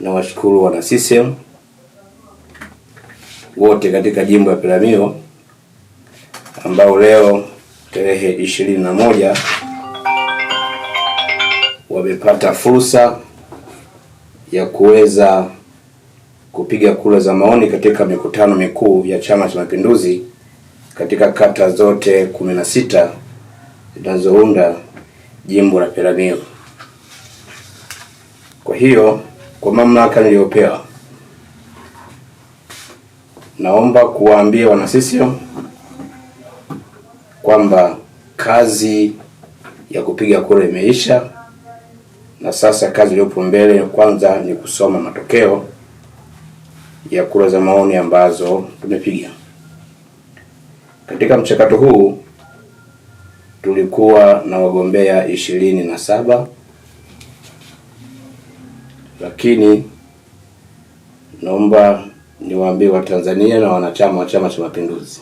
Nawashukuru wana CCM wote katika jimbo la Peramiho ambao leo tarehe ishirini na moja wamepata fursa ya kuweza kupiga kura za maoni katika mikutano mikuu ya Chama cha Mapinduzi katika kata zote kumi na sita zinazounda jimbo la Peramiho. Kwa hiyo kwa mamlaka niliyopewa, naomba kuwaambia wana CCM kwamba kazi ya kupiga kura imeisha, na sasa kazi iliyopo mbele kwanza ni kusoma matokeo ya kura za maoni ambazo tumepiga. Katika mchakato huu tulikuwa na wagombea ishirini na saba lakini naomba niwaambie Watanzania na wanachama wa Chama cha Mapinduzi,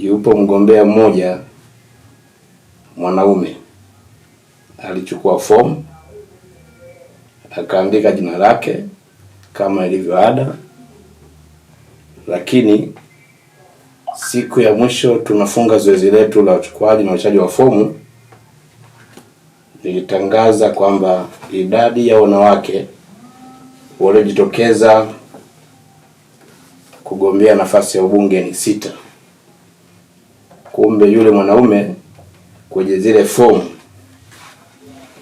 yupo mgombea mmoja mwanaume alichukua fomu akaandika jina lake kama ilivyo ada, lakini siku ya mwisho tunafunga zoezi letu la uchukuaji na uchaji wa fomu ilitangaza kwamba idadi ya wanawake waliojitokeza kugombea nafasi ya ubunge ni sita. Kumbe yule mwanaume kwenye zile fomu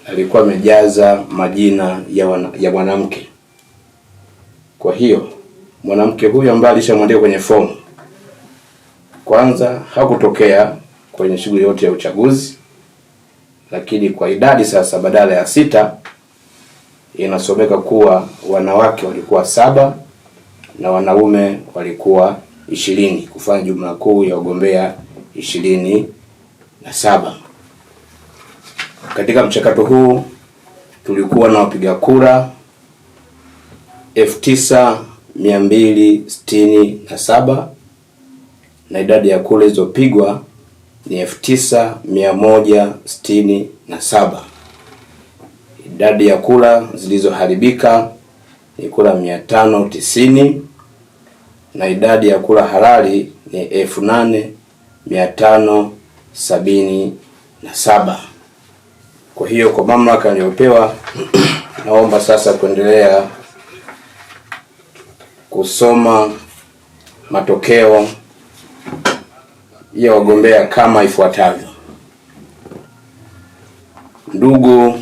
alikuwa amejaza majina ya wana, ya mwanamke. Kwa hiyo mwanamke huyo ambaye alishamwandika kwenye fomu kwanza hakutokea kwenye shughuli yote ya uchaguzi lakini kwa idadi sasa badala ya sita inasomeka kuwa wanawake walikuwa saba na wanaume walikuwa ishirini kufanya jumla kuu ya wagombea ishirini na saba. Katika mchakato huu tulikuwa na wapiga kura elfu tisa mia mbili sitini na saba na idadi ya kura zilizopigwa ni elfu tisa mia moja sitini na saba. Idadi ya kura zilizoharibika ni kura mia tano tisini na idadi ya kura halali ni elfu nane mia tano sabini na saba. Kwa hiyo kwa mamlaka niliyopewa, naomba sasa kuendelea kusoma matokeo ya wagombea kama ifuatavyo: ndugu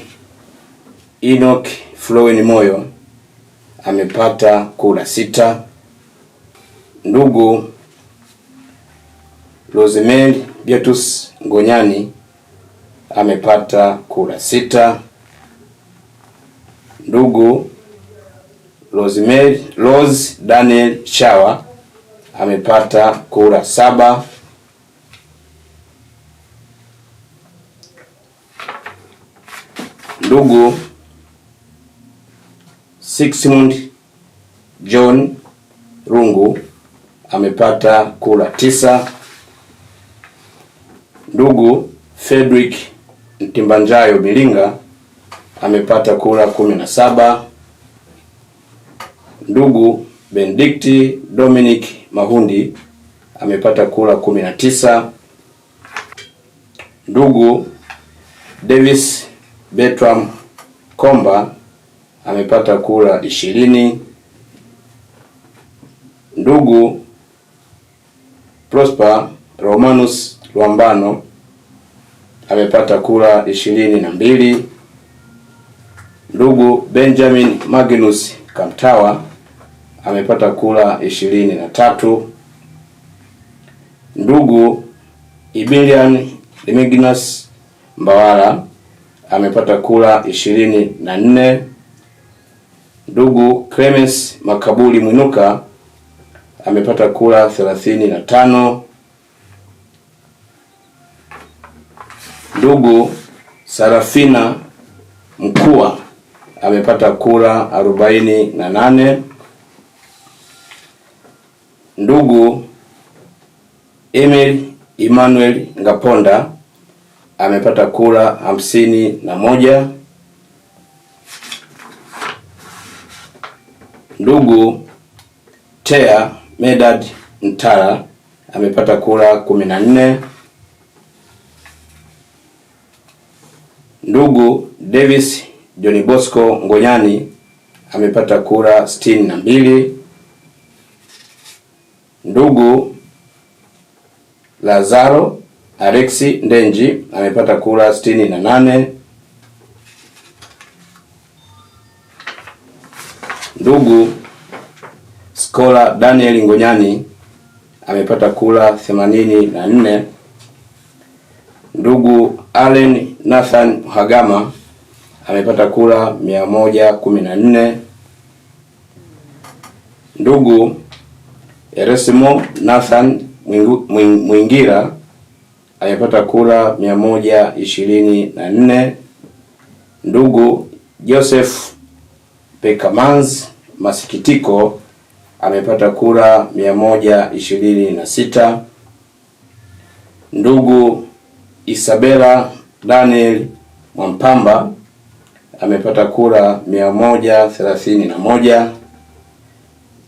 Enoch Flowen Moyo amepata kura sita. Ndugu Rosemary Beatus Ngonyani amepata kura sita. Ndugu Rosemary Rose Daniel Shawa amepata kura saba. ndugu Sixmund John Rungu amepata kura tisa. Ndugu Fredrick Mtimbanjayo Milinga amepata kura kumi na saba. Ndugu Benedikti Dominic Mahundi amepata kura kumi na tisa. Ndugu Davis betram Komba amepata kura ishirini. Ndugu Prosper Romanus Lwambano amepata kura ishirini na mbili. Ndugu Benjamin Magnus Kamtawa amepata kura ishirini na tatu. Ndugu Ibilian Remigius Mbawala amepata kura ishirini na nne. Ndugu Clemens Makabuli Mwinuka amepata kura thelathini na tano. Ndugu Sarafina Mkua amepata kura arobaini na nane. Ndugu Emil Emmanuel Ngaponda amepata kura hamsini na moja. Ndugu Tea Medad Mtara amepata kura kumi na nne. Ndugu Davis John Bosco Ngonyani amepata kura sitini na mbili. Ndugu Lazaro Alexi Ndenji amepata kura sitini na nane. Ndugu Skola Daniel Ngonyani amepata kura themanini na nne. Ndugu Allen Nathan Hagama amepata kura mia moja kumi na nne. Ndugu Eresimo Nathan Mwingira amepata kura mia moja ishirini na nne. Ndugu Joseph Pekamans Masikitiko amepata kura mia moja ishirini na sita. Ndugu Isabella Daniel Mwampamba amepata kura mia moja thelathini na moja.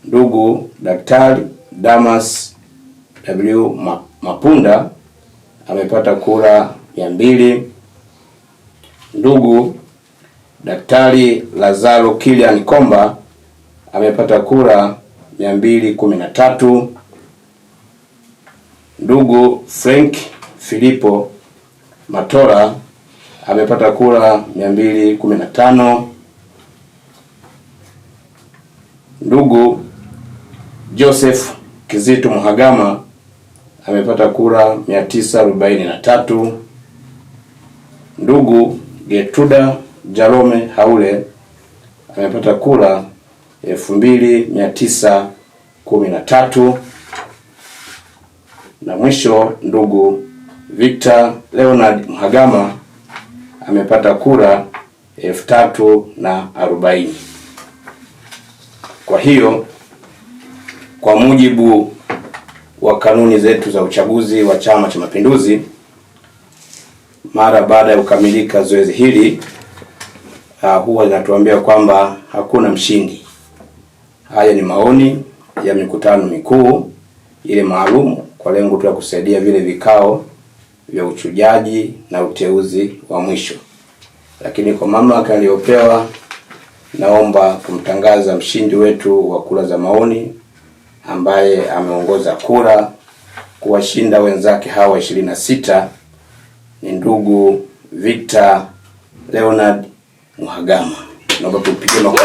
Ndugu Daktari Damas W Mapunda amepata kura mia mbili. Ndugu Daktari Lazaro Kilian Komba amepata kura mia mbili kumi na tatu. Ndugu Frank Filipo Matora amepata kura mia mbili kumi na tano. Ndugu Joseph Kizito Mhagama amepata kura 943. Ndugu getuda Jalome Haule amepata kura 2913. Na mwisho ndugu Victor Leonard Mhagama amepata kura elfu na arobaini. Kwa hiyo kwa mujibu wa kanuni zetu za uchaguzi wa Chama cha Mapinduzi. Mara baada ya kukamilika zoezi hili uh, huwa linatuambia kwamba hakuna mshindi. Haya ni maoni ya mikutano mikuu ile maalum kwa lengo tu la kusaidia vile vikao vya uchujaji na uteuzi wa mwisho, lakini kwa mamlaka aliyopewa, naomba kumtangaza mshindi wetu wa kura za maoni ambaye ameongoza kura kuwashinda wenzake hawa ishirini na sita ni ndugu Victor Leonard Mhagama. Naomba tupige makofi.